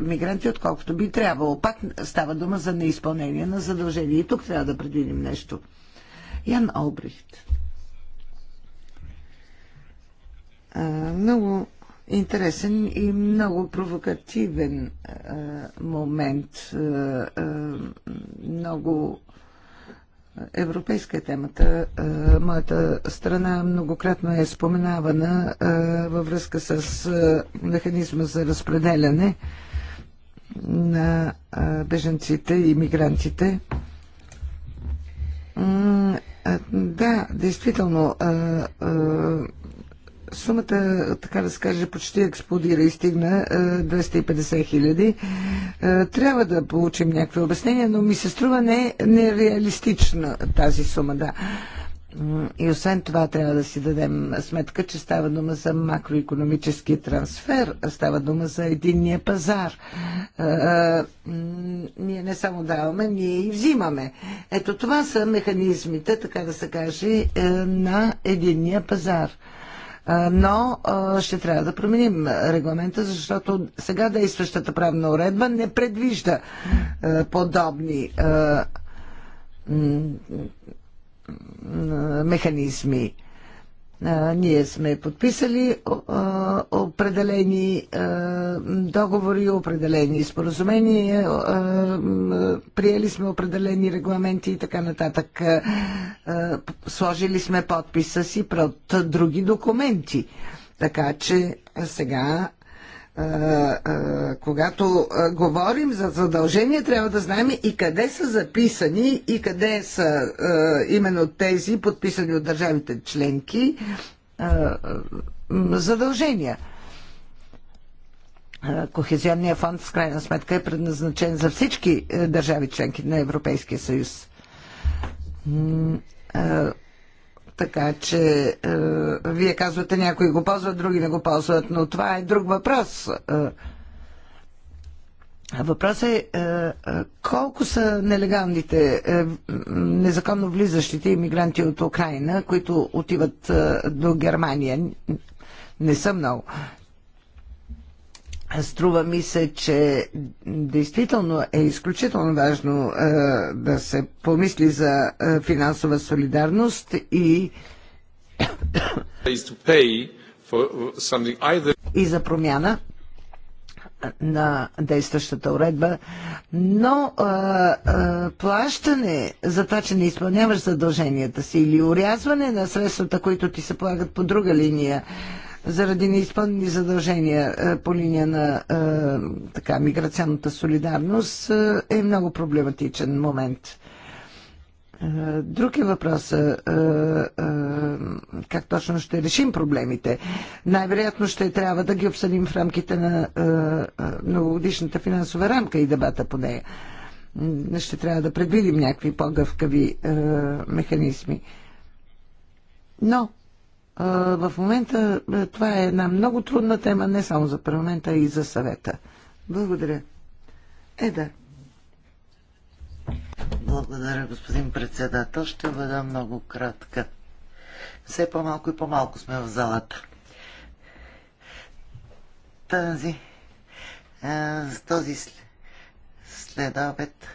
мигранти, отколкото би трябвало. Пак става дума за неизпълнение на задължения. И тук трябва да предвидим нещо. Ян Олбрихт. много интересен и много провокативен момент. Много европейска е темата. Моята страна многократно е споменавана във връзка с механизма за разпределяне на беженците и мигрантите. Да, действително, сумата, така да се каже, почти експлодира и стигна 250 е, хиляди. Е, трябва да получим някакви обяснения, но ми се струва не, нереалистична тази сума, да. И освен това трябва да си дадем сметка, че става дума за макроекономически трансфер, става дума за единния пазар. Е, ние не само даваме, ние и взимаме. Ето това са механизмите, така да се каже, на единния пазар но ще трябва да променим регламента, защото сега действащата правна уредба не предвижда подобни механизми. Ние сме подписали определени договори, определени споразумения, приели сме определени регламенти и така нататък. Сложили сме подписа си пред други документи. Така че сега когато говорим за задължения, трябва да знаем и къде са записани и къде са именно тези, подписани от държавите членки, задължения. Кохезионния фонд в крайна сметка е предназначен за всички е, държави членки на Европейския съюз така че е, вие казвате някои го ползват, други не го ползват, но това е друг въпрос. Е, въпросът е, е колко са нелегалните, е, незаконно влизащите иммигранти от Украина, които отиват до Германия? Не са много. Струва ми се, че действително е изключително важно е, да се помисли за е, финансова солидарност и и за промяна на действащата уредба, но е, е, плащане за това, че не изпълняваш задълженията си или урязване на средствата, които ти се полагат по друга линия, заради неизпълнени задължения е, по линия на е, така, миграционната солидарност е, е много проблематичен момент. Друг е въпрос как точно ще решим проблемите. Най-вероятно ще трябва да ги обсъдим в рамките на многогодишната финансова рамка и дебата по нея. Ще трябва да предвидим някакви по-гъвкави механизми. Но в момента е, това е една много трудна тема, не само за парламента, а и за съвета. Благодаря. Е, да. Благодаря, господин председател. Ще бъда много кратка. Все по-малко и по-малко сме в залата. Тази, а, е, този следобед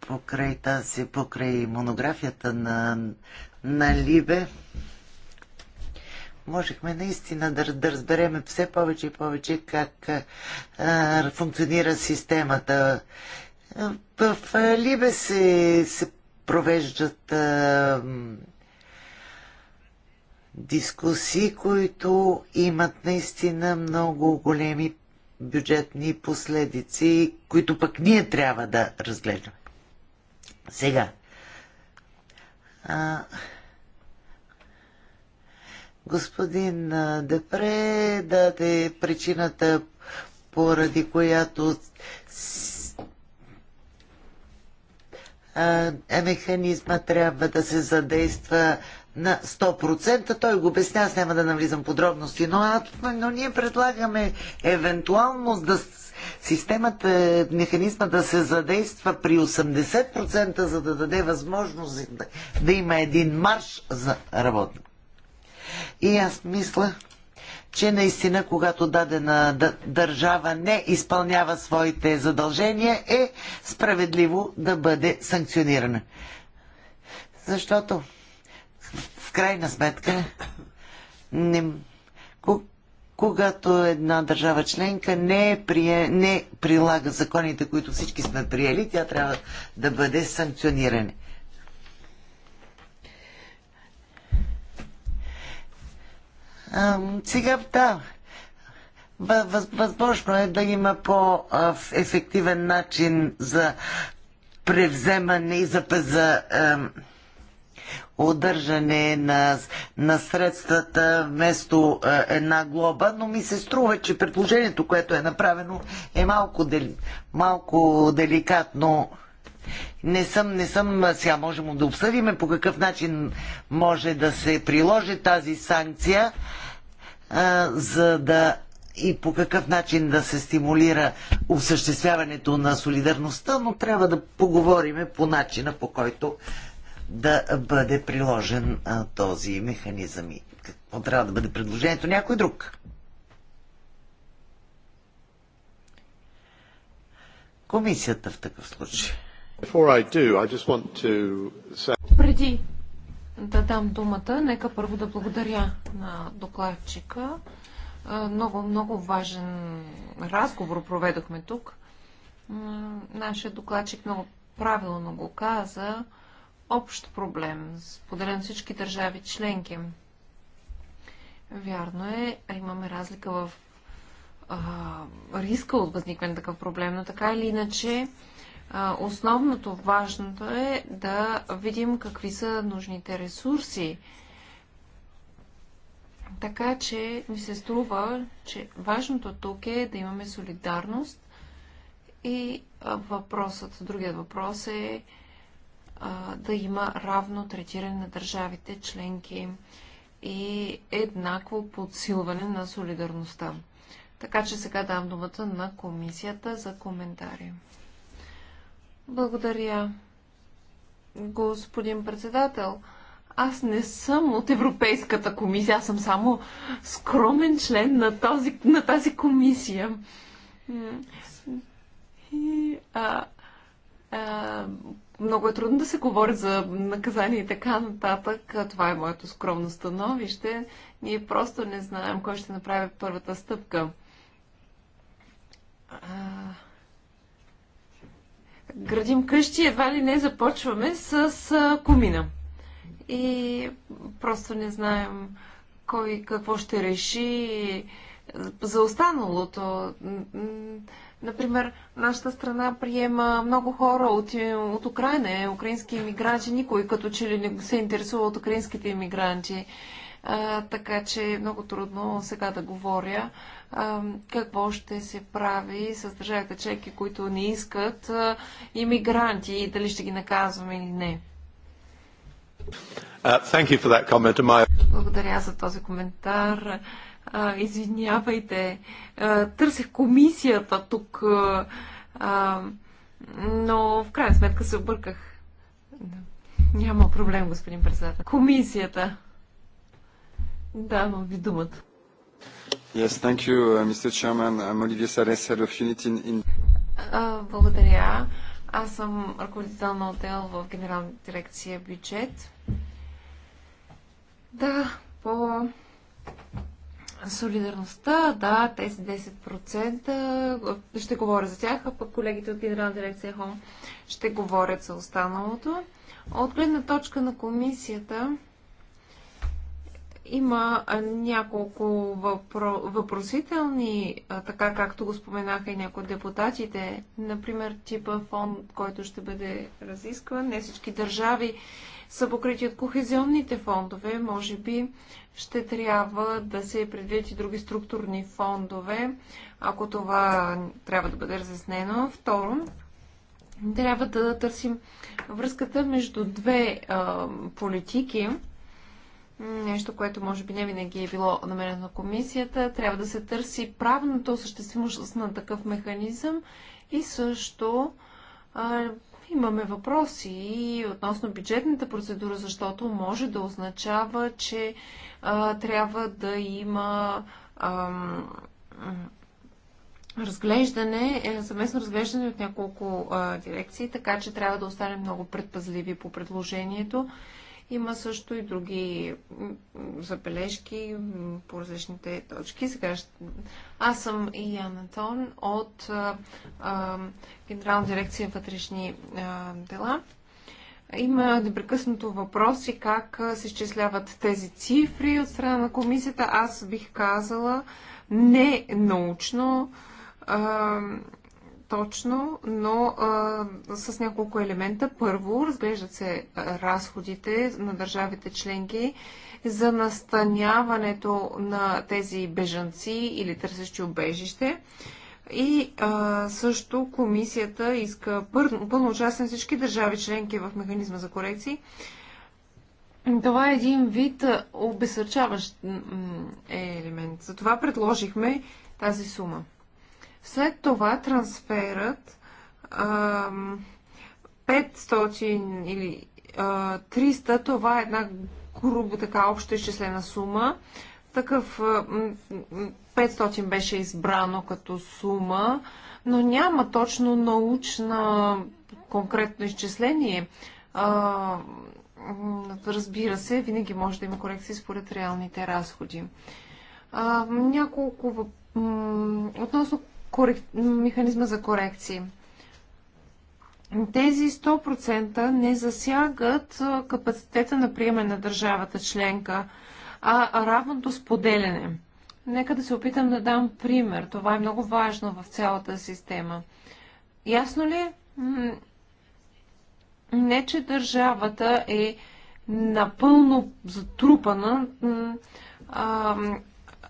покрай тази, покрай монографията на на Либе, можехме наистина да, да разбереме все повече и повече как а, функционира системата. В а, Либе се, се провеждат а, дискусии, които имат наистина много големи бюджетни последици, които пък ние трябва да разглеждаме. Сега, а, господин Депре даде причината, поради която а, е, механизма трябва да се задейства на 100%. Той го обясня, аз няма да навлизам подробности, но, но ние предлагаме евентуално да системата, механизма да се задейства при 80%, за да даде възможност да, да има един марш за работа. И аз мисля, че наистина, когато дадена държава не изпълнява своите задължения, е справедливо да бъде санкционирана. Защото, в крайна сметка, не, когато една държава членка не, е прие, не прилага законите, които всички сме приели, тя трябва да бъде санкционирана. Сега, да, възможно е да има по-ефективен начин за превземане и за, за удържане на, на средствата вместо а, е, една глоба, но ми се струва, че предложението, което е направено, е малко, дел, малко деликатно. Не съм, не съм, сега можем да обсъдиме по какъв начин може да се приложи тази санкция, а, е, за да и по какъв начин да се стимулира осъществяването на солидарността, но трябва да поговорим по начина по който да бъде приложен а, този механизъм и какво трябва да бъде предложението някой друг. Комисията в такъв случай. Преди да дам думата, нека първо да благодаря на докладчика. Много, много важен разговор проведохме тук. Нашия докладчик много правилно го каза общ проблем, споделен всички държави членки. Вярно е, имаме разлика в а, риска от възникване такъв проблем, но така или иначе а, основното, важното е да видим какви са нужните ресурси. Така че ми се струва, че важното тук е да имаме солидарност и въпросът, другият въпрос е да има равно третиране на държавите членки и еднакво подсилване на солидарността. Така че сега дам думата на комисията за коментари. Благодаря, господин председател. Аз не съм от Европейската комисия, аз съм само скромен член на, този, на тази комисия. И, а, а, много е трудно да се говори за наказание и така нататък. Това е моето скромно становище. Ние просто не знаем кой ще направи първата стъпка. А... Градим къщи, едва ли не започваме с комина. И просто не знаем кой какво ще реши за останалото. Например, нашата страна приема много хора от, от Украина, украински иммигранти, никой като че ли не се интересува от украинските иммигранти. А, така че е много трудно сега да говоря а, какво ще се прави с държавите чеки, които не искат иммигранти и дали ще ги наказваме или не. Uh, Благодаря за този коментар. А, извинявайте, а, търсех комисията тук, а, но в крайна сметка се обърках. Няма проблем, господин председател. Комисията. Давам ви думата. Yes, thank you, uh, Mr. Chairman. I'm Olivier Sares, head of unit in... in... Uh, благодаря. Аз съм ръководител на отдел в Генерална дирекция бюджет. Да, по Солидарността, да, тези 10%, ще говоря за тях, а пък колегите от Генерална дирекция Хом ще говорят за останалото. От гледна точка на комисията, има няколко въпро... въпросителни, така както го споменаха и някои от депутатите. Например, типа фонд, който ще бъде разискван. Не всички държави са покрити от кохезионните фондове. Може би ще трябва да се предвидят и други структурни фондове, ако това трябва да бъде разяснено. Второ, трябва да търсим връзката между две а, политики нещо, което може би не винаги е било намерено на комисията. Трябва да се търси правната осъществимост на такъв механизъм и също а, имаме въпроси относно бюджетната процедура, защото може да означава, че а, трябва да има ам, разглеждане, съместно съвместно разглеждане от няколко а, дирекции, така че трябва да останем много предпазливи по предложението има също и други забележки по различните точки. Сега ще... Аз съм Иян Антон от а, а, Генерална дирекция вътрешни а, дела. Има непрекъснато въпроси как се изчисляват тези цифри от страна на комисията. Аз бих казала не научно. А, точно, но а, с няколко елемента. Първо, разглеждат се разходите на държавите членки за настаняването на тези бежанци или търсещи убежище. И а, също комисията иска пълно, пълно участие на всички държави членки в механизма за корекции. Това е един вид обесърчаващ елемент. Затова предложихме тази сума. След това трансферът 500 или 300, това е една грубо така общо изчислена сума. Такъв 500 беше избрано като сума, но няма точно научна конкретно изчисление. Разбира се, винаги може да има корекции според реалните разходи. Няколко въпроса относно корек... механизма за корекции. Тези 100% не засягат капацитета на приеме на държавата членка, а равното споделяне. Нека да се опитам да дам пример. Това е много важно в цялата система. Ясно ли? Е? Не, че държавата е напълно затрупана,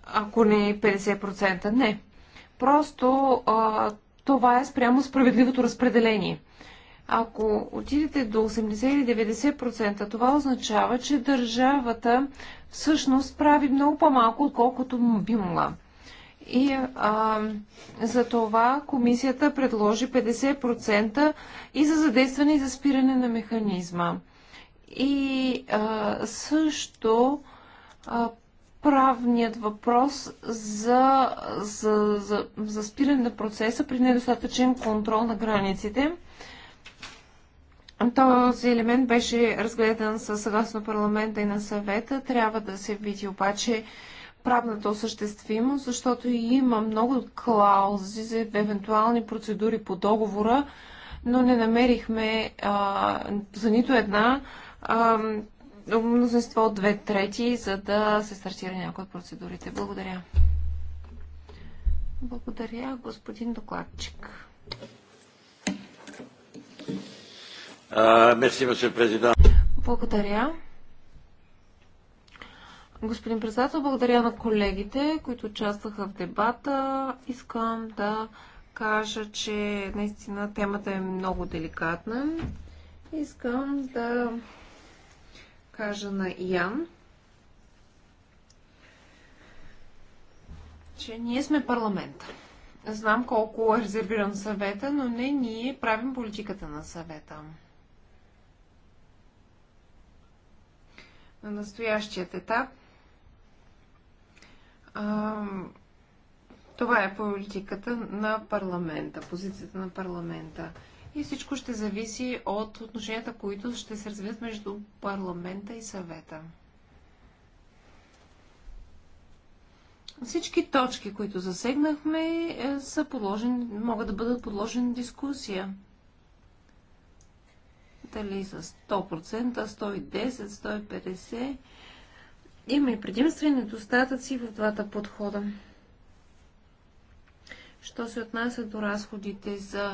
ако не 50%. Е не. Просто а, това е спрямо справедливото разпределение. Ако отидете до 80 или 90%, това означава, че държавата всъщност прави много по-малко, отколкото би могла. И а, за това комисията предложи 50% и за задействане и за спиране на механизма. И а, също а, правният въпрос за, за, за, за спиране на процеса при недостатъчен контрол на границите. Този елемент беше разгледан със съгласно парламента и на съвета. Трябва да се види обаче правната осъществимост, защото има много клаузи за евентуални процедури по договора, но не намерихме а, за нито една а, мнозинство от две трети, за да се стартира някои от процедурите. Благодаря. Благодаря, господин докладчик. Мерси, господин президент. Благодаря. Господин председател, благодаря на колегите, които участваха в дебата. Искам да кажа, че наистина темата е много деликатна. Искам да кажа на Ян, че ние сме парламента. Знам колко е резервиран съвета, но не ние правим политиката на съвета. На настоящият етап а, това е политиката на парламента, позицията на парламента и всичко ще зависи от отношенията, които ще се развият между парламента и съвета. Всички точки, които засегнахме, е, са подложени, могат да бъдат подложени на дискусия. Дали са 100%, 110, 150. Има и предимства и недостатъци в двата подхода. Що се отнася до разходите за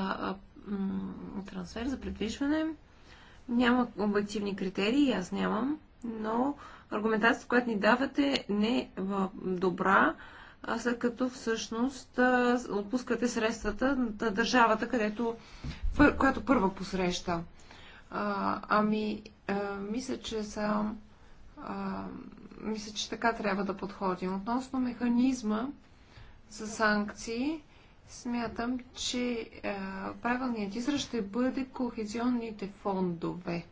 трансфер, за предвижване. Няма обективни критерии, аз нямам, но аргументацията, която ни давате, не е добра, след като всъщност отпускате средствата на държавата, където, която първа посреща. А, ами, а, мисля, че съм. А, мисля, че така трябва да подходим. Относно механизма за санкции, Смятам, че е, правилният израз ще бъде кохезионните фондове.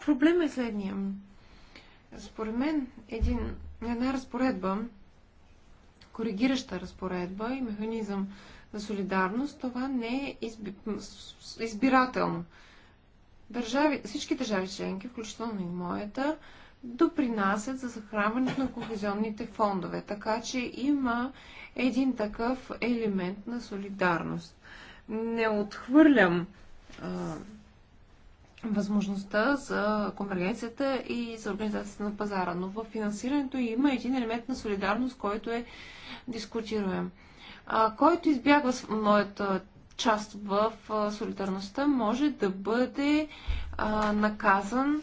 Проблема е следния. Според мен един, една разпоредба, коригираща разпоредба и механизъм за солидарност, това не е изби... избирателно. Държави, всички държави членки, включително и моята, допринасят за съхранването на кохезионните фондове. Така че има един такъв елемент на солидарност. Не отхвърлям а, възможността за конвергенцията и за организацията на пазара, но в финансирането има един елемент на солидарност, който е дискутируем. А, който избягва моята част в солидарността, може да бъде а, наказан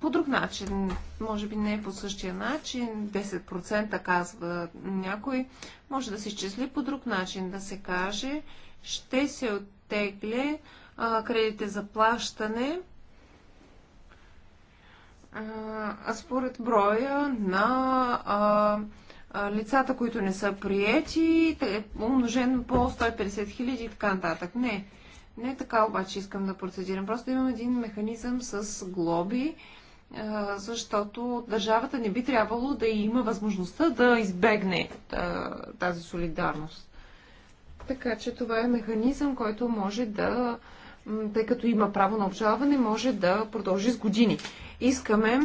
по друг начин, може би не по същия начин, 10% казва някой, може да се изчисли по друг начин, да се каже, ще се оттегли кредите за плащане а, според броя на а, а, лицата, които не са приети, умножено по 150 000 и така нататък. Не. Не е така обаче искам да процедирам. Просто имам един механизъм с глоби, защото държавата не би трябвало да има възможността да избегне тази солидарност. Така че това е механизъм, който може да, тъй като има право на обжалване, може да продължи с години. Искаме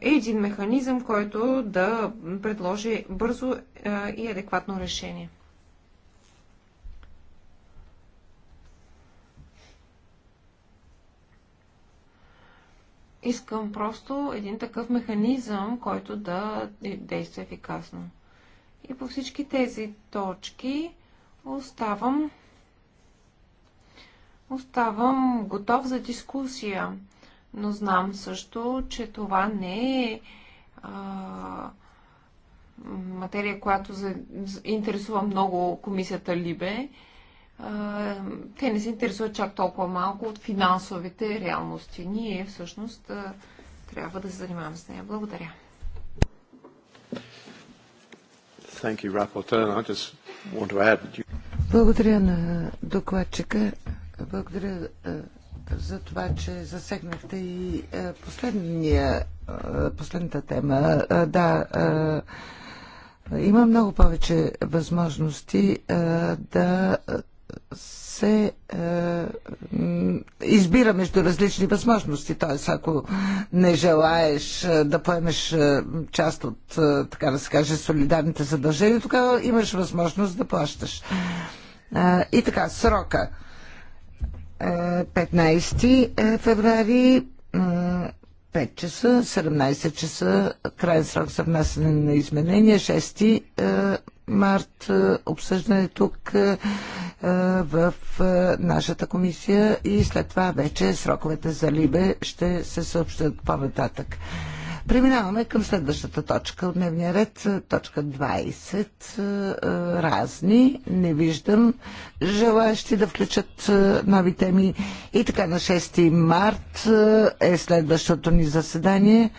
един механизъм, който да предложи бързо и адекватно решение. Искам просто един такъв механизъм, който да действа ефикасно. И по всички тези точки оставам, оставам готов за дискусия. Но знам също, че това не е а, материя, която за, интересува много комисията Либе те не се интересуват чак толкова малко от финансовите реалности. Ние всъщност трябва да се занимаваме с нея. Благодаря. Благодаря на докладчика. Благодаря за това, че засегнахте и последния, последната тема. Да, има много повече възможности да се е, избира между различни възможности. Т.е. ако не желаеш е, да поемеш е, част от, е, така да се каже, солидарните задължения, тогава имаш възможност да плащаш. Е, и така, срока. Е, 15 феврари. 5 часа, 17 часа, крайен срок за внасяне на изменения, 6 март е, обсъждане тук е, е, в нашата комисия и след това вече сроковете за Либе ще се съобщат по-нататък. Преминаваме към следващата точка от дневния ред, точка 20. Разни, не виждам желаящи да включат нови теми. И така на 6 март е следващото ни заседание.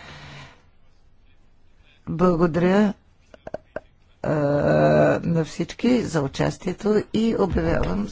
Благодаря е, на всички за участието и обявявам за